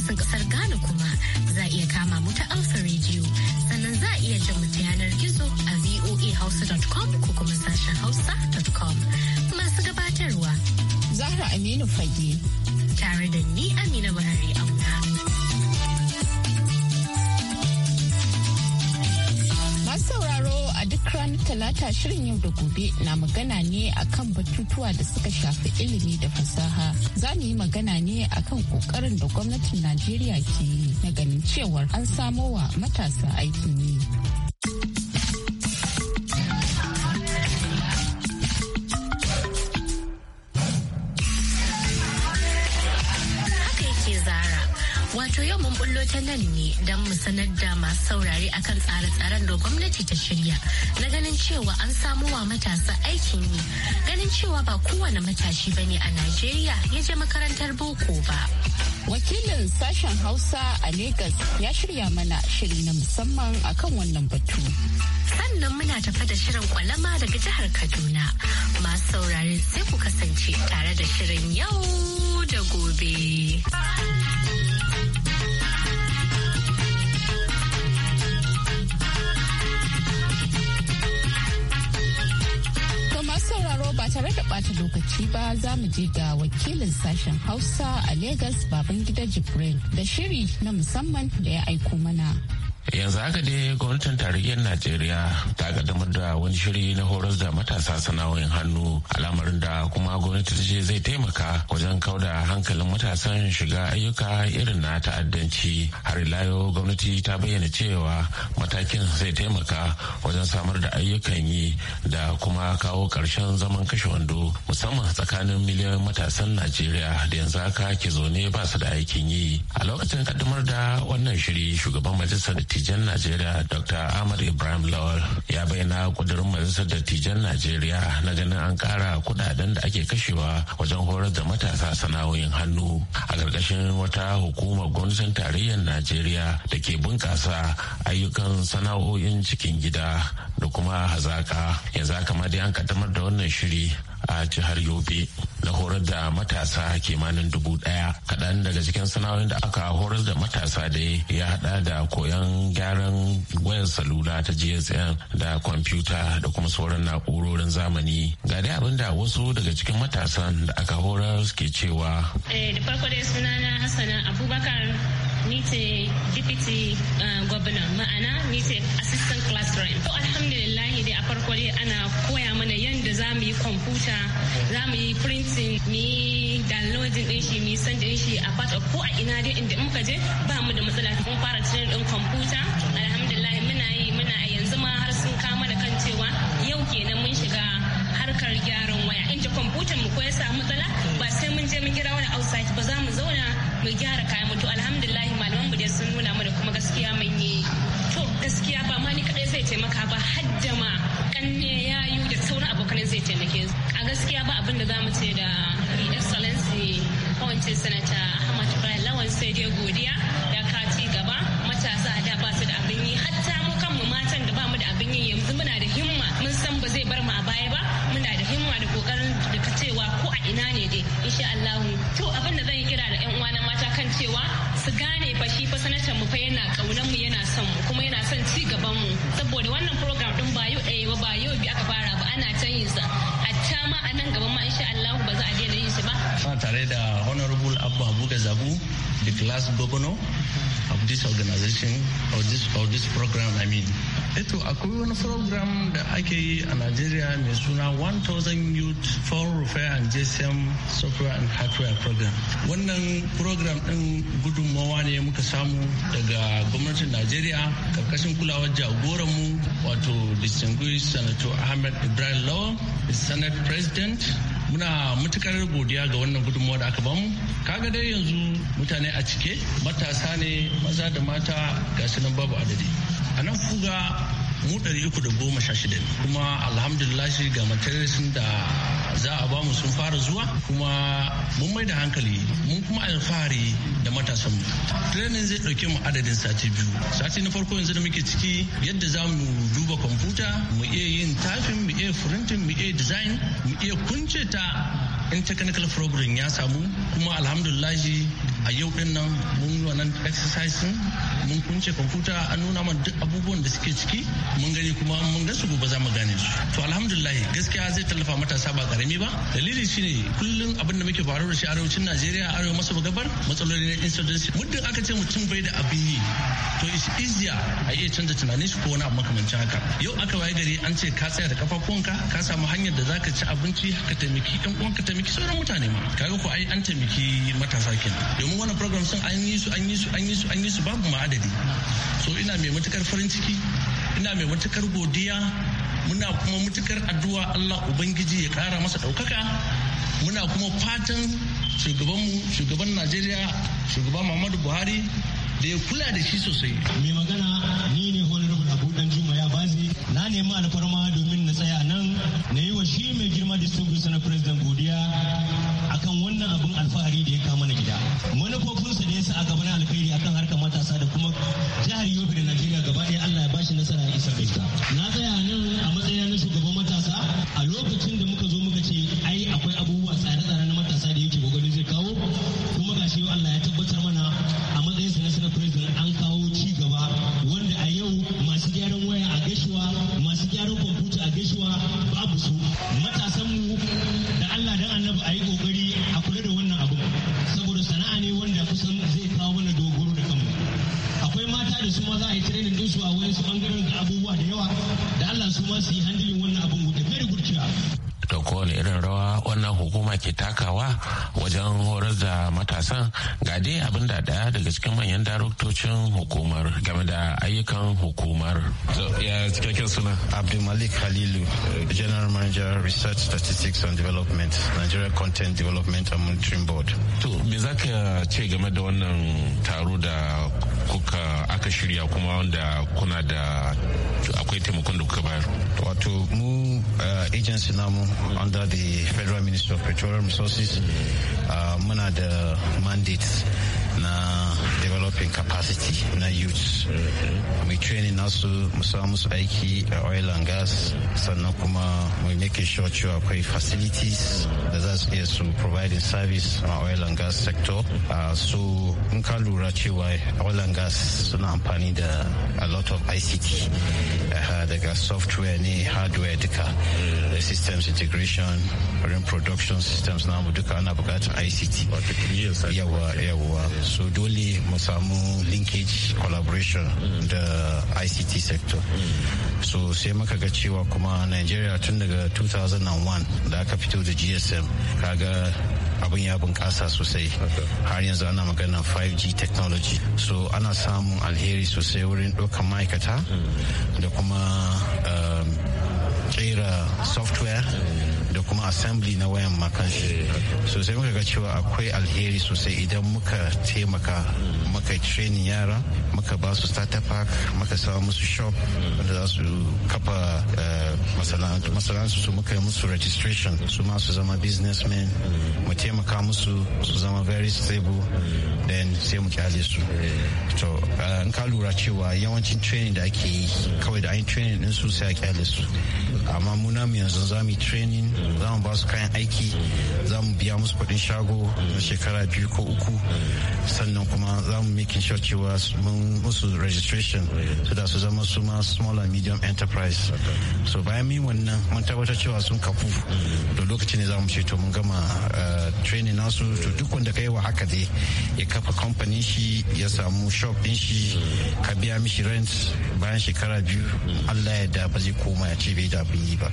fasin kasar Ghana kuma za iya kama mu ta Alpha Radio sannan za iya jin mu ta yanar gizo a voahausa.com ko kuma sashen hausa.com masu gabatarwa. Zahra Aminu Fage. Tare da ni Amina Buhari Auna. duk talata shirin yau da gobe na magana ne akan batutuwa da suka shafi ilimi da fasaha za mu yi magana ne akan kokarin da gwamnatin najeriya ke yi na ganin cewar an samo wa matasa aikin yi mun bullo ta nan ne don mu sanar da masu saurare akan tsare-tsaren da gwamnati ta shirya na ganin cewa an samu wa matasa aikin yi ganin cewa ba kowane matashi bane a Najeriya ya je makarantar boko ba. Wakilin sashen Hausa a Legas ya shirya mana shiri na musamman akan wannan batu. Sannan muna tafa da shirin kwalama daga jihar Kaduna. Masu saurare sai ku kasance tare da shirin yau da gobe. tare da ɓata lokaci ba za mu je ga wakilin sashen Hausa a Legas Babangida Jibril da shiri na musamman da ya aiko mana. yanzu haka dai gwamnatin tarayyar najeriya ta kaddamar da wani shiri na horar da matasa sana'o'in hannu al'amarin da kuma gwamnati ta ce zai taimaka wajen da hankalin matasan shiga ayyuka irin na ta'addanci har layo gwamnati ta bayyana cewa matakin zai taimaka wajen samar da ayyukan yi da kuma kawo ƙarshen zaman kashe wando musamman tsakanin miliyan matasan najeriya da yanzu haka ke zaune ba su da aikin yi a lokacin kaddamar da wannan shiri shugaban majalisar da dattijan najeriya dr ahmad ibrahim lawal ya bayyana kudurin majalisar dattijan najeriya na ganin an kara kudaden da ake kashewa wajen horar da matasa sana'o'in hannu a ƙarƙashin wata hukumar gwamnatin tarayyar najeriya da ke bunƙasa ayyukan sana'o'in cikin gida da kuma hazaka yanzu kamar dai an kaddamar da wannan shiri a jihar yobe na horar da matasa kimanin dubu daya kaɗan daga cikin sana'o'in da aka horar da matasa da ya hada da koyon gyaran wayan salula ta gsm da kwamfuta da kuma sauran na'urorin zamani ga dai abin da wasu daga cikin matasan da aka horar ke cewa eh, da farko dai sunana hassana abubakar ni ce deputy eh, governor ma'ana ni ce assistant classroom to alhamdulillah dai a farko dai ana koya mana yadda za mu yi kwamfuta za mu yi printing mu yi downloading din shi mu yi send din shi a part of ko a ina dai inda in muka je ba mu da matsala mun fara tunanin din kwamfuta alhamdulillah muna yi muna a yanzu ma har sun kama da kan cewa yau kenan mun shiga harkar gyaran waya inda computer mu ko ya matsala ba sai mun je mun kira wani outside ba za mu zauna mu gyara kayan taimaka ba hadda ma kanne yayu da sauran abokanin zai taimake su a gaskiya ba abin da za mu ce da excellency kawance sanata ahmad ibrahim lawan sai dai godiya ya kati gaba matasa da ba su da abin yi hatta mu kanmu matan da ba mu da abin yi yanzu muna da himma mun san ba zai bar mu a baya ba muna da himma da kokarin da ka cewa ko a ina ne dai insha Allah to abin da zan yi kira da yan uwa na mata kan cewa su gane fa shi fa sanatan mu fa yana kaunan mu sa hatta ma a nan gaban ma insha Allah ba za a daina yin shi ba. Muna tare da Honorable Abba Abuga Zabu, the class governor of this organization or this, or this program I mean. eto eh akwai wani program da ake yi a Najeriya mai suna 1000 Youth for Repair and GSM Software and Hardware Program. Wannan program ɗin gudunmawa ne muka samu daga gwamnatin Najeriya karkashin kulawar jagoranmu wato distinguished Senator Ahmed Ibrahim Law, the Senate President muna matukar godiya ga wannan gudunmawa da aka bamu kaga dai yanzu mutane a cike matasa ne maza da mata ga nan babu adadi a nan fuga mu ɗari uku da goma sha shida ne kuma alhamdulillah ga matarisin da za a bamu sun fara zuwa kuma mun mai da hankali mun kuma alfahari da matasan mu training zai ɗauke mu adadin sati biyu sati na farko yanzu da muke ciki yadda za mu duba kwamfuta mu iya yin tafin mu iya furintin mu iya design mu iya kunce ta in technical program ya samu kuma alhamdulillahi a yau din nan mun wannan exercise mun kunce kwamfuta an nuna mana duk abubuwan da suke ciki mun gani kuma mun su gobe za mu gane su to alhamdulillah gaskiya zai tallafa matasa ba karami ba dalili shine kullum abin da muke faruwa da shi arewacin Najeriya arewa maso gabar matsaloli na insurgency muddin aka ce mutum bai da abin yi to is easier a iya canza tunanin shi ko wani abu makamancin haka yau aka waye gari an ce ka tsaya da kafafunka ka samu hanyar da zaka ci abinci ka taimaki ɗan ka taimaki sauran mutane ma kaga ko ai an taimaki matasa kenan domin wannan program sun an yi su an yi su an yi su an yi su babu ma adadi so ina mai matukar farin ciki ina mai matukar godiya muna kuma matukar addu'a Allah ubangiji ya kara masa ɗaukaka muna kuma fatan shugabanmu shugaban najeriya shugaban muhammadu buhari Da ya kula da shi sosai. Mai magana ni ne Honorable Abu Dan Juma ya bazi na nemi alfarma domin na tsaya nan na yi wa shi mai girma da distinguished na president godiya akan wannan abin alfahari da ya kama na gida. Manufofinsa da ya sa a gaban alkhairi akan harkar matasa da kuma jihar Yobe da Najeriya gaba ɗaya Allah ya bashi nasara ya isar da ita. Na tsaya nan a matsayin na shugaban matasa a lokacin da muka zo muka ce ai akwai abubuwa tsare-tsare na matasa da yake kokarin zai kawo kuma gashi Allah ya tabbatar mana gyaran kwamfuta a gaisuwa babu su matasanmu da allah dan annabi a yi kokari a kula da wannan abu saboda sana'a ne wanda kusan zai kawo mana dogoro da kanmu akwai mata da su ma za a yi training din su a wayansu bangaren da abubuwa da yawa da allah su ma su yi handling wannan abun da very good da kowane irin rawa wannan hukuma ke takawa wajen horar da matasan ga dai abin da daya daga cikin manyan daraktocin hukumar game da ayyukan hukumar ya cikakken suna abdulmalik halilu uh, general manager research statistics and development nigeria content development and monitoring board to me za ka ce game da wannan taro da kuka aka shirya kuma wanda kuna da akwai taimakon da kuka bayar wato mu uh, agency namu under the federal ministry of petroleum resources uh, muna da mandate na developing capacity na youth mhm. mai training nasu musamman musu aiki a oil and gas sannan kuma mai making sure cewa akwai facilities da za su iya su providing service a oil and gas sector mhm. ah, so in ka lura cewa oil and gas suna amfani da a lot of ict daga software ne hardware duka mhm. systems integration wurin production systems namu duka ana bukatar ict yawa yawa so dole mu samu linkage collaboration da ict sector so sai muka ga cewa kuma nigeria tun daga 2001 da aka fito da gsm kaga abin ya bunƙasa sosai har yanzu ana magana 5g technology so ana samun alheri sosai wurin ɗaukar ma'aikata da kuma kera um, software da kuma assembly na wayan makanshi sosai muka ga cewa akwai alheri sosai idan muka taimaka muka training yara muka ba su startup park muka samu musu shop wanda za su kafa eh, masana'antu su muka yi musu registration su ma su zama businessmen mu taimaka musu su zama very stable then sai mu kyale su to eh, in ka lura cewa yawancin training da ake yi kawai da an training din su sai a kyale su amma muna mu yanzu za mu training za mu ba su kayan aiki za mu biya musu kudin shago na shekara biyu ko uku sannan kuma za mu making sure cewa mun musu registration su da su zama su ma small and medium enterprise so bayan min wannan mun tabbatar cewa sun kafu da lokaci ne za mu ce to mun gama eh, training nasu to duk wanda ka yi wa haka dai ya kafa kamfanin shi ya samu shop din shi ka biya mishi rent bayan shekara biyu allah ya da ba zai koma ya ce bai da bin yi ba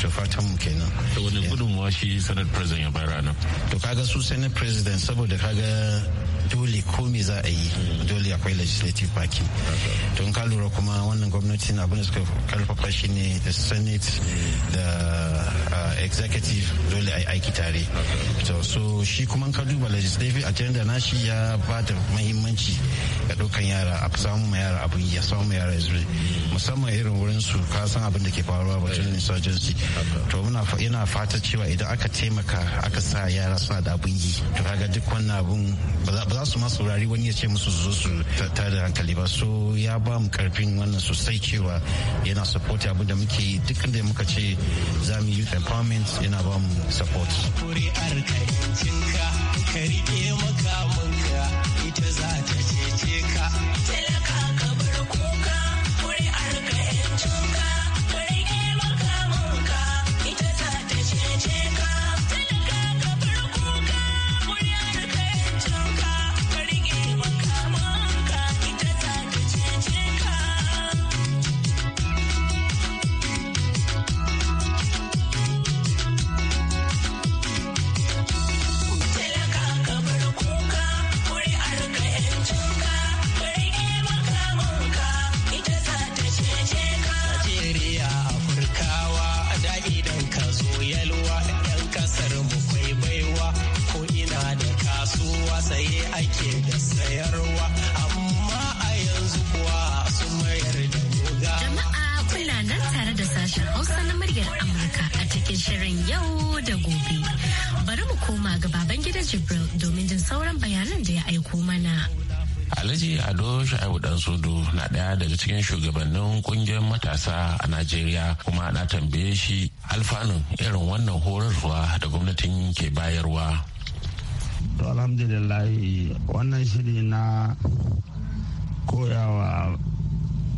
to fatan mu kenan da wani gudun shi senate president ya bayar nan to kaga su senate president saboda kaga dole ko me za a yi mm. dole akwai legislative party in ka lura kuma wannan gwamnatin abin da suka karfafa shi ne mm. da senate da executive dole a yi aiki tare so shi kuma ka duba legislative agenda na shi ya ba da mahimmanci ga dukkan yara a samu ma yara abin ya samu ma yara izuri musamman irin wurin su ka san abin da ke faruwa batun insurgency to muna yana fata cewa idan aka taimaka aka sa yara suna da abin yi to kaga duk wannan abun ba za su ma saurari wani ya ce musu su zo su da hankali ba so ya ba mu karfin wannan sosai cewa yana support abin da muke dukkan da muka ce za mu yi empowerment means yana ba mu support. daga cikin shugabannin kungiyar matasa a najeriya kuma na tambaye shi alfanun irin wannan horarwa da gwamnatin ke bayarwa to alhamdulillah wannan shiri na koyawa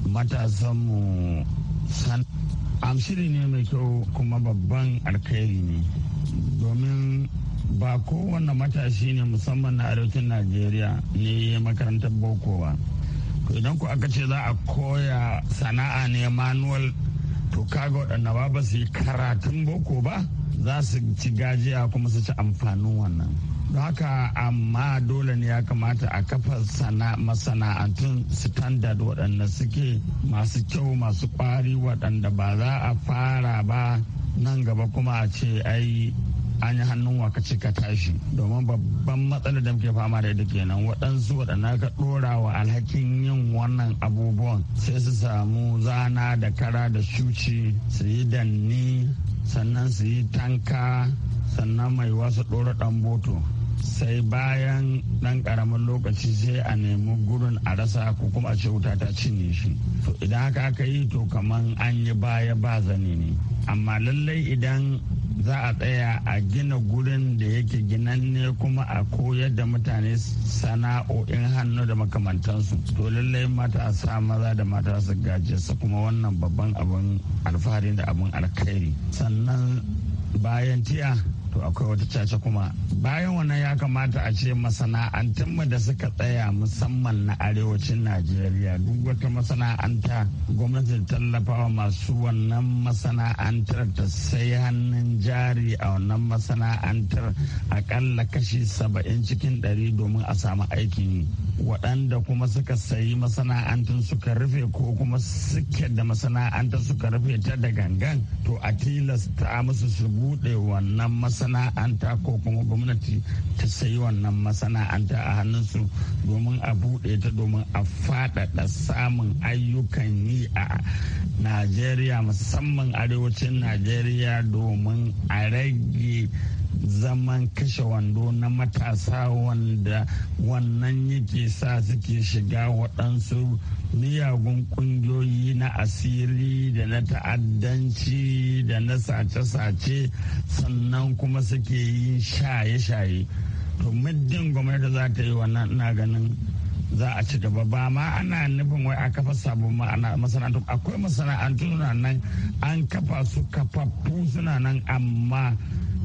matasanmu san amshiri ne mai kyau kuma babban alkhairi ne domin ba kowane matashi ne musamman na arewacin najeriya ne makarantar boko ba idan ku aka ce za a koya sana'a ne manual to kaga waɗanda ba ba su yi karatun boko ba za su ci gajiya kuma su ci amfanin wannan don haka amma dole ne ya kamata a kafa masana'antun standard waɗanda suke masu kyau masu ƙwari waɗanda ba za a fara ba nan gaba kuma a ce ai an yi hannun wa ka ce ka tashi domin babban matsalar da muke fama da ita kenan waɗansu waɗanda ka ɗora wa alhakin yin wannan abubuwan sai su samu zana da kara da shuci su yi danni sannan su yi tanka sannan mai wasu ɗora ɗan boto sai bayan ɗan ƙaramin lokaci sai a nemi gurin a rasa ko kuma a ce wuta ta cinye shi to idan haka aka yi to kamar an yi baya ba zane ne amma lallai idan za a tsaya a gina gurin da yake ginanne kuma a koyar da mutane sana'o'in hannu da makamantansu to lallai matasa maza da mata su gaje su kuma wannan babban abin alfahari da abin alkhairi sannan bayan tiya to akwai wata caca kuma bayan wannan ya kamata a ce mu da suka tsaya musamman na arewacin najeriya duk wata masana'anta gwamnati ta tallafawa masu wannan masana'antar ta sai hannun jari a wannan masana'antar akalla kashi saba'in cikin ɗari domin a samu aikin yi waɗanda kuma suka sayi masana'antun suka rufe ko kuma suke da masana'antar suka rufe ta da gangan to a tilasta musu su buɗe wannan masana'antar masana'anta ko kuma gwamnati ta sayi wannan masana'anta a hannunsu domin a buɗe ta domin a faɗaɗa samun ayyukan yi a najeriya musamman arewacin najeriya domin a rage zaman kashe wando na matasa wanda wannan yake sa suke shiga waɗansu miyagun ƙungiyoyi na asiri da na ta'addanci da na sace-sace sannan kuma suke yin shaye-shaye to muddin gwamnati za ta yi wannan ina ganin za a ci gaba ba ma ana nufin wai a kafa sabon masana'antu akwai masana'antu nan an kafa su kafaffu suna nan amma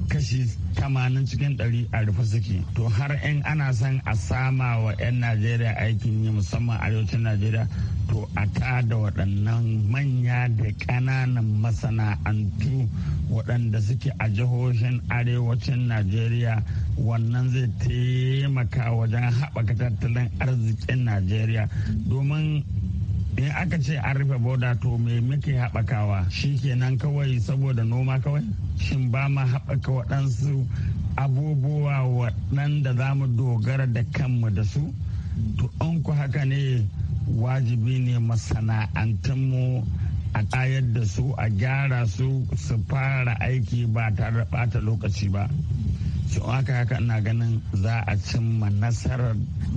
kashi tamanin cikin ɗari a rufe suke to har in ana son a sama wa 'yan najeriya aikin yi musamman arewacin najeriya to a ta da waɗannan manya da ƙananan masana'antu waɗanda suke a jihohin arewacin najeriya wannan zai taimaka wajen haɓaka tattalin arzikin najeriya domin in aka ce an rufe boda to me muke haɓakawa shi kenan kawai saboda noma kawai shin ba ma haɓaka waɗansu abubuwa waɗanda za mu dogara da kanmu da su to an ku haka ne wajibi ne masana'antunmu a ƙayar da su a gyara su su fara aiki ba tare da ɓata lokaci ba haka haka ina ganin za a cimma nasarar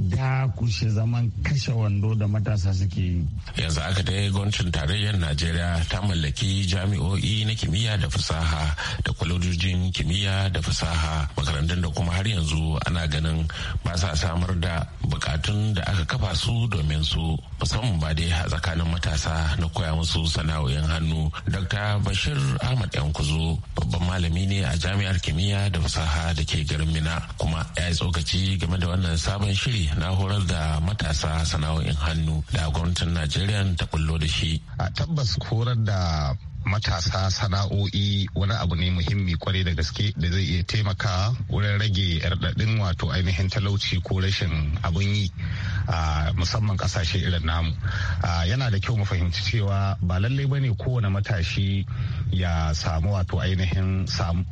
dakushe zaman kashe wando da matasa suke yi yanzu aka dai gwamnatin tarayyar najeriya ta mallaki jami'o'i na kimiyya da fasaha da kwalojin kimiyya da fasaha makarantun da kuma har yanzu ana ganin ba sa samar da bukatun da aka kafa su domin su musamman ba dai a tsakanin matasa na koya musu sana'o'in hannu dr bashir ahmad yankuzo babban malami ne a jami'ar kimiyya da fasaha da ke garin mina kuma ya yi tsokaci game da wannan sabon shiri na horar da matasa sana'o'in hannu da gwamnatin najeriya ta kullo da shi a tabbas horar da matasa sana'o'i wani abu ne muhimmi kwarai da gaske da zai iya taimaka wurin rage yardaɗin wato ainihin talauci ko rashin abun yi musamman ƙasashe irin namu yana da kyau mu fahimci cewa ba lallai bane kowane matashi ya samu wato ainihin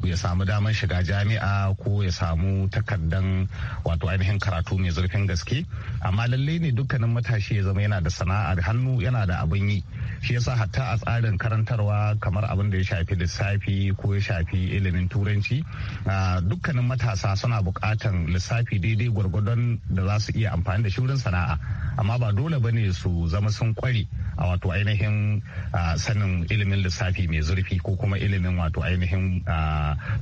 ya samu damar shiga jami'a ko ya samu takardan wato ainihin karatu mai zurfin gaske amma lallai ne dukkanin matashi ya zama yana da sana'ar hannu yana da abun yi shi yasa hatta a tsarin karantarwa kamar abin da ya shafi lissafi ko ya shafi ilimin turanci ah, dukkanin matasa suna bukatan lissafi daidai gwargwadon da za su iya amfani da shi sana'a amma ba dole ba ne su zama sun kware a wato ainihin sanin ilimin lissafi mai zurfi ko kuma ilimin wato ainihin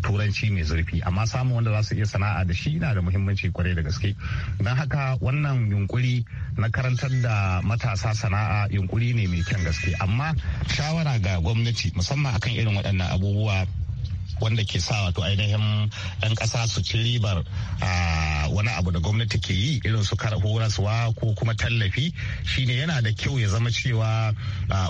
turanci mai zurfi amma samun wanda za su iya sana'a da shi na da muhimmanci kwarai da gaske don haka wannan yunkuri na karantar da matasa sana'a yunkuri ne mai kyan gaske amma shawara ga gwamnati musamman akan irin waɗannan abubuwa wanda ke sa wato ainihin yan ƙasa su ci ribar wani abu da gwamnati ke yi irin su kara horaswa ko kuma tallafi shine yana da kyau ya zama cewa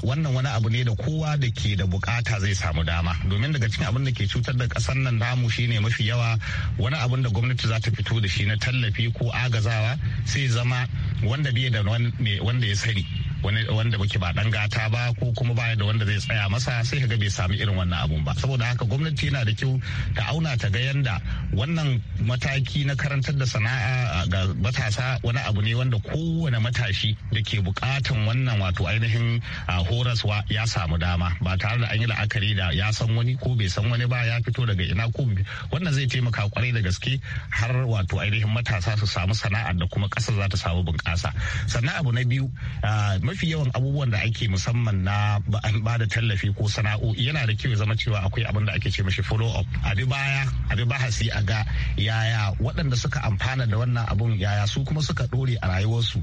wannan wani abu ne da kowa da ke da bukata zai samu dama domin daga cikin abin da ke cutar da ƙasar nan namu shine mafi yawa wani abin da gwamnati za ta fito da shi na tallafi ko agazawa sai zama wanda bai da wanda ya sani wani wanda muke ba dan gata ba ko kuma baya da wanda zai tsaya masa sai kaga bai sami irin wannan abun ba saboda haka gwamnati yana da kyau ta auna ta ga yanda wannan mataki na karantar da sana'a ga matasa wani abu ne wanda kowane matashi da ke bukatan wannan wato ainihin horaswa ya samu dama ba tare da an yi la'akari da ya san wani ko bai san wani ba ya fito daga ina ko wannan zai taimaka kwarai da gaske har wato ainihin matasa su samu sana'ar da kuma kasa za ta samu bunƙasa sannan abu na biyu mafi yawan abubuwan da ake musamman na ba da tallafi ko sana'o'i yana da kyau ya zama cewa akwai abin da ake ce mashi follow up abi bi baya a bi bahasi a ga yaya waɗanda suka amfana da wannan abun yaya su kuma suka ɗore a rayuwarsu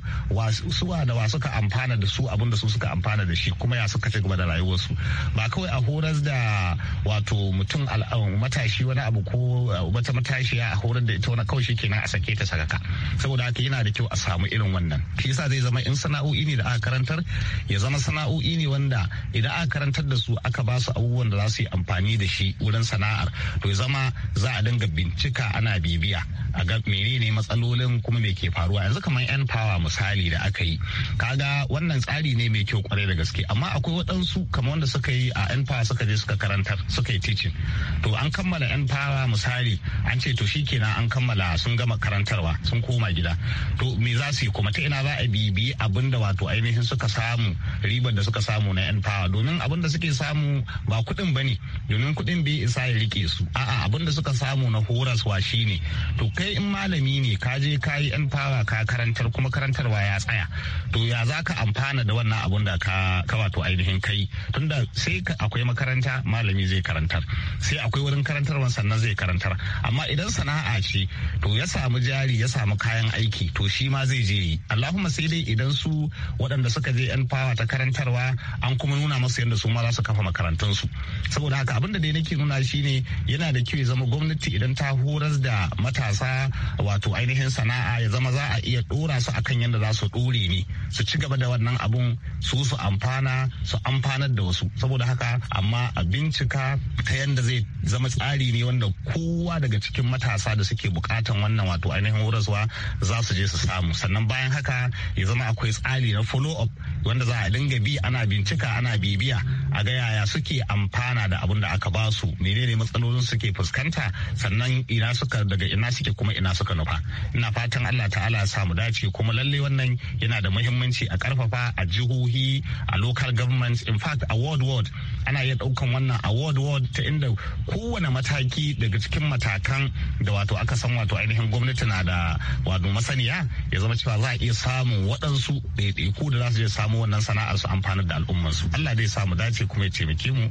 suwa da wa suka amfana da su abin da su suka amfana da shi kuma ya suka ci gaba da rayuwarsu ba kawai a horas da wato mutum um, matashi wani abu ko uh, wata matashiya a horar da ita wani kawai shi kenan a sake ta sakaka saboda haka yana da kyau a samu irin wannan shi yasa zai zama in sana'o'i ne da aka karantar ya zama sana'o'i ne wanda idan aka karantar da su aka ba su abubuwan da za su yi amfani da shi wurin sana'ar to ya zama za a dinga bincika ana bibiya a ga menene matsalolin kuma me ke faruwa yanzu kamar yan fawa misali da aka yi kaga wannan tsari ne mai kyau kwarai da gaske amma akwai waɗansu kamar wanda suka yi a yan fawa suka je suka karantar suka yi teaching to an kammala yan fawa misali an ce to shi kenan an kammala sun gama karantarwa sun koma gida to me za su yi kuma ta ina za a bibiyi abinda wato ainihin suka samu ribar da suka samu na yan fawa domin abin da suke samu ba kuɗin ba ne domin kuɗin bai isa ya rike su a'a abin da suka samu na horaswa shine to kai in malami ne ka je ka yi yan fawa ka karantar kuma karantarwa ya tsaya to ya za ka amfana da wannan abin da ka wato ainihin kai tunda sai akwai makaranta malami zai karantar sai akwai wurin karantarwa sannan zai karantar amma idan sana'a ce to ya samu jari ya samu kayan aiki to shi ma zai je yi allahumma sai dai idan su waɗanda suka je yan fawa ta karantarwa an kuma nuna masu yadda su ma za su kafa makarantunsu saboda haka abin da dai nake nuna shine yana da kyau ya zama gwamnati idan ta horas da matasa wato ainihin sana'a ya zama za a iya dora su akan yadda za su dore ne su ci gaba da wannan abun su su amfana su amfanar da wasu saboda haka amma a bincika ta yadda zai zama tsari ne wanda kowa daga cikin matasa da suke bukatan wannan wato ainihin horaswa za su je su samu sannan bayan haka ya zama akwai tsari na follow follow up wanda za a dinga bi ana bincika ana bibiya a ga yaya suke amfana da abin da aka ba su menene matsalolin suke fuskanta sannan ina suka daga ina suke kuma ina suka nufa ina fatan Allah ta'ala sa samu dace kuma lalle wannan yana da muhimmanci a karfafa a jihohi a local governments in fact a world world ana iya daukan wannan a world world ta inda kowane mataki daga cikin matakan da wato aka san wato ainihin gwamnati na da wato masaniya ya zama cewa za a iya samun waɗansu ɗaiɗaiku da za su je samu wannan sana'ar su amfanar da al'ummarsu Allah dai samu dace ce kuma ya taimake mu.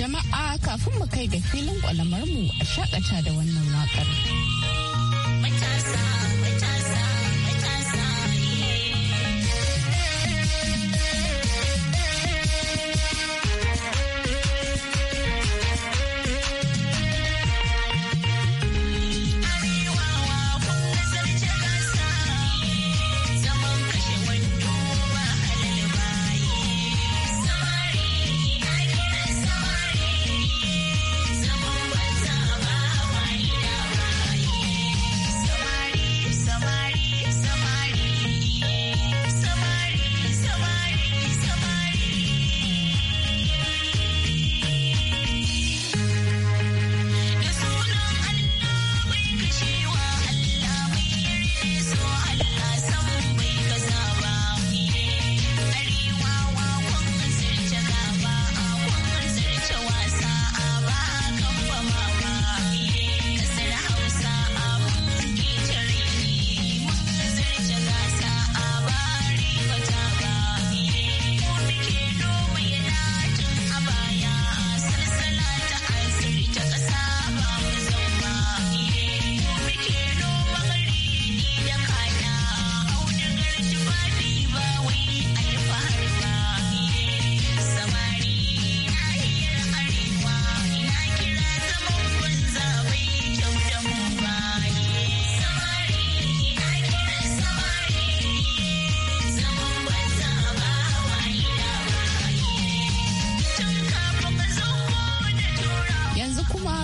Jama'a kafin mu kai ga filin kwalamar mu a shakata da wannan waƙar. Matasa.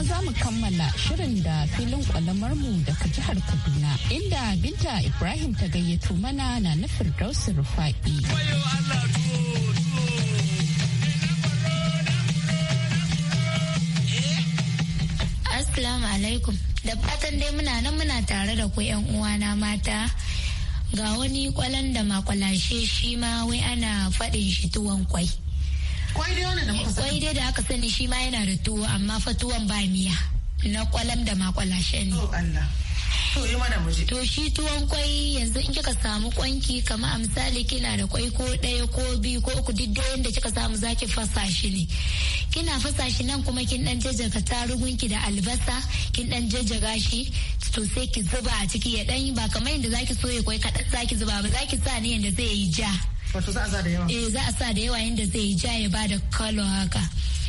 za mu kammala shirin da filin mu daga jihar Kaduna inda Binta Ibrahim ta gayyato mana na nufin Dausu Rufa'i. Eh? Assalamu alaikum. Da fatan dai muna nan muna tare da ku yan uwana mata. Ga wani kwalan da makwalashe shi ma wai ana faɗin shi tuwon kwai. Kwai dai da aka sani shi ma yana da tuwo amma fa tuwon ba miya. Na kwalam da ma kwalashe ne. Oh, to shi tuwon kwai yanzu in kika samu kwanki kamar a misali kina da kwai ko ɗaya ko biyu ko uku duk da kika samu zaki fasa shi ne. Kina fasa shi nan kuma kin dan jajjaga tarugunki da albasa kin dan jajjaga shi to sai ki zuba a ciki ya dan ba kamar yanda ki soya kwai kaɗan zaki zuba ba zaki sa ne yadda zai yi ja. wato za a sa da yawa eh za sa da yawa yanda zai ja ya ba da kalo haka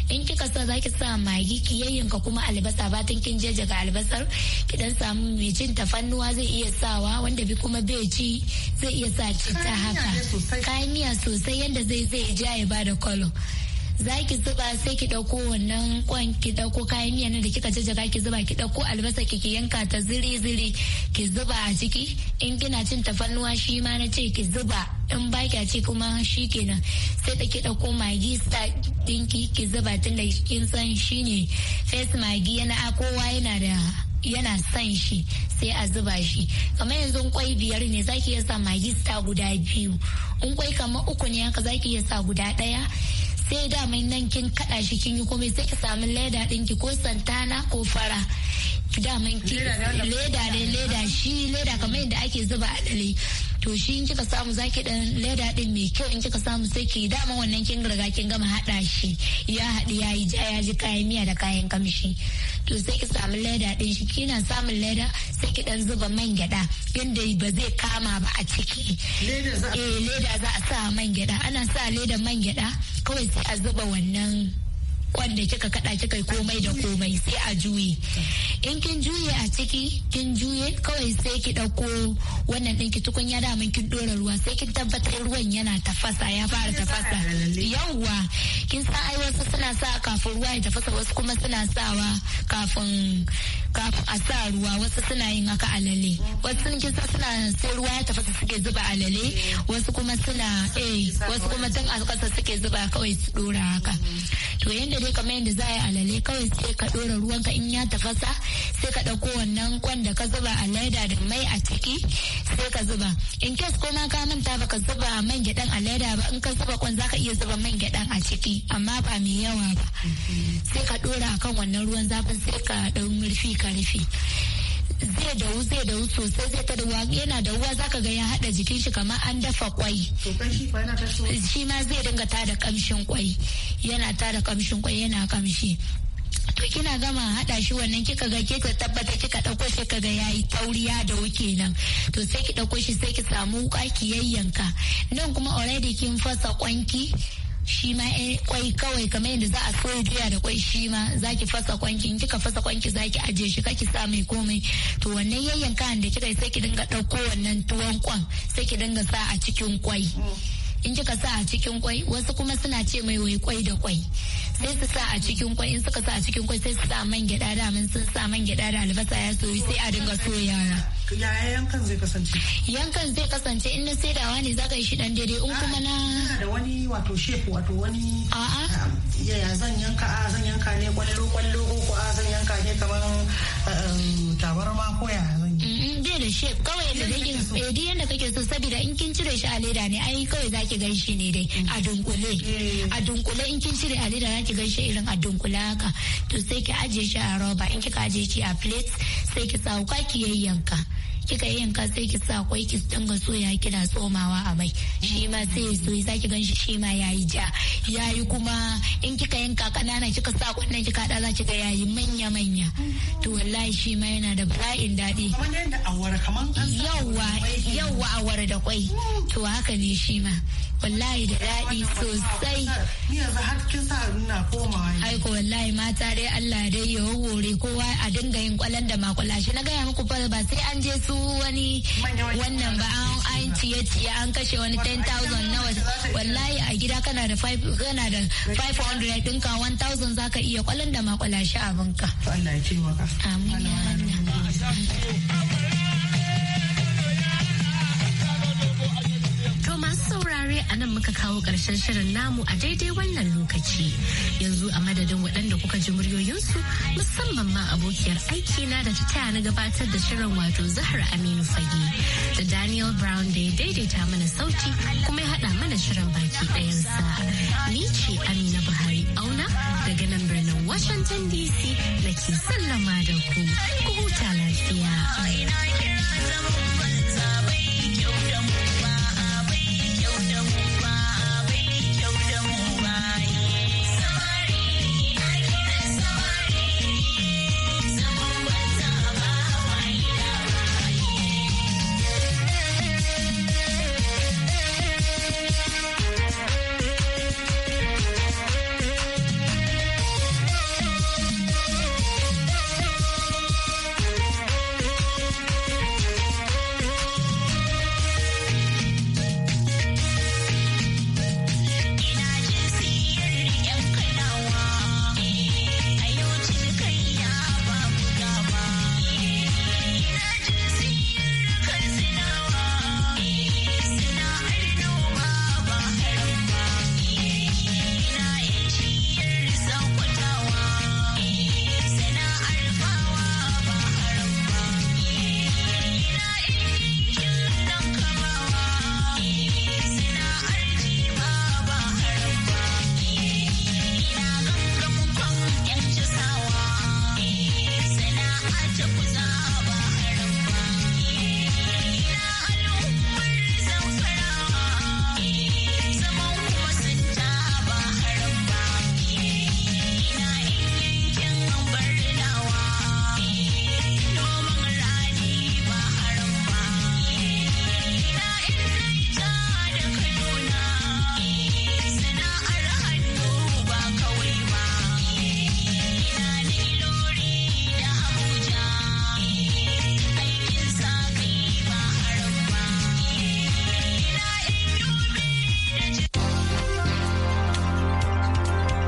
in kika sa ki sa magi ki yayyanka kuma albasa batun kin ga albasar ki dan samu mai jin tafannuwa zai iya sawa wanda bi kuma bai ci zai iya sa citta haka kayan miya sosai yadda zai zai ja ya bada kolo zaki zuba sai ki dauko wannan kwan ki dauko kayan miya da kika jajjaga ki zuba ki dauko albasa ki ki yanka ta ziri ziri ki zuba a ciki in kina cin tafarnuwa shi ma na ce ki zuba in ba ki ce kuma shi kenan sai da ki dauko magi sta dinki ki zuba tun da kin san shine face magi yana a kowa yana da yana son shi sai a zuba shi kamar yanzu kwai biyar ne zaki iya sa magi guda biyu in kwai kamar uku ne haka zaki iya sa guda ɗaya sai da mai nan kin kada shi kin yi komai sai ki samu leda din ki ko santana ko fara da kin leda ne leda shi leda kamar yadda ake zuba a dale to shi in kika samu zaki dan leda din mai kyau in kika samu sai ki dama wannan kin riga kin gama hada shi ya haɗu ya yi ja ya ji kayan miya da kayan kamshi to sai ki samu leda din shi kina samun leda sai ki dan zuba man gyada inda ba zai kama ba a ciki leda za a eh, sa man gyada ana sa leda man gyada kawai sai a zuba wannan kwan kika kada kika komai da komai sai a juye in kin juye a ciki kin juye kawai sai ki dauko wannan ɗinki tukunya da mun kin dora ruwa sai kin tabbatar ruwan yana tafasa ya fara tafasa yawwa kin sa ai wasu suna sa kafin ruwa ya tafasa wasu kuma suna sawa kafin kafin a sa ruwa wasu suna yin haka alale wasu kin sa suna sai ruwa ya tafasa suke zuba alale wasu kuma suna eh wasu kuma tun a kasa suke zuba kawai su dora haka to yanda ka kamar yadda za a yi alale kawai sai ka ɗora ka in ya tafasa sai ka ɗauko wannan kwan da ka zuba a leda da mai a ciki sai ka zuba in kes ko ma ka manta baka zuba man gyaɗan a leda ba in ka zuba kwan za ka iya zuba man gyaɗan a ciki amma ba mai yawa ba sai ka ɗora akan wannan ruwan zafin sai ka ɗau murfi ka rufe zai wu zai wu sosai zai ta yana wuwa zaka ga ya hada jikin shi kamar an dafa kwai shi ma zai dinga ta da kamshin kwai yana ta da kamshin kwai yana kamshi to kina gama hada shi wannan kika ga ke tabbata kika dauko shi kaga yayi tauriya da wuke nan to sai ki dauko shi sai ki samu wuka ki yayyanka nan kuma already kin fasa kwanki shi ma eh, kwai kawai kamar yadda za a soya doya da kwai shi ma ki fasa kwanki in kika fasa kwanki ki ajiye shi kaki sa mai komai to wannan kan da kika sai ki dinga ɗauko wannan tuwon kwan sai ki dinga sa a cikin kwai in kika sa a cikin kwai wasu kuma suna ce mai wai kwai da kwai sai su sa a cikin kwai in suka sa a cikin kwai sai su sa man gyada da mun sun sa man gyada da albasa ya soyu sai a dinga soyawa yaya yankan zai kasance yankan zai kasance in na da wani zaka yi shi dan daidai in kuma na ah, da wani wato shape wato wani a'a yaya zan yanka a zan yanka ne kwallo kwallo ko a zan yanka ne kamar eh, tabarma ko yaya zan da shi kawai da zai eh, duk yadda kake so saboda in kin cire shi a leda ne ai kawai zaki gan shi ne dai a dunkule mm. a dunkule in kin cire a leda zaki gan shi irin a dunkule haka to sai ki ajiye shi a roba in kika ajiye shi a plate sai ki sauka ki yayyanka kika ka sai ki sa kwai ki dinga soya kina tsomawa a mai shi ma sai so zaki saki ganshi shi ma yayi ja yayi kuma in kika yanka kanana kika sa kwannan kika da za kika yayi manya manya to wallahi shi ma yana da bala'in daɗi yawwa yawwa awara da kwai to haka ne shi ma wallahi da daɗi sosai Ni yanzu har kin sa ina komawa ai ko wallahi mata dai Allah dai ya hore kowa a dinga yin kwalan da makwalashi na gaya muku fa ba sai an je su wani wannan ba an ciye ciye an kashe wani 10000 nawa wallahi a gida kana da 5 kana da 500 dinka 1000 zaka iya kwalan da makwalashi abinka Allah ya ce maka amin saurare a nan muka kawo ƙarshen shirin namu a daidai wannan lokaci. Yanzu a madadin waɗanda kuka ji muryoyinsu musamman ma abokiyar aiki na da ta taya na gabatar da shirin wato Zahar Aminu Fage da Daniel Brown da ya daidaita mana sauti kuma ya haɗa mana shirin baki ɗayansa. Ni ce Amina Buhari Auna daga nan birnin Washington DC da ke sallama da ku. Ku huta lafiya.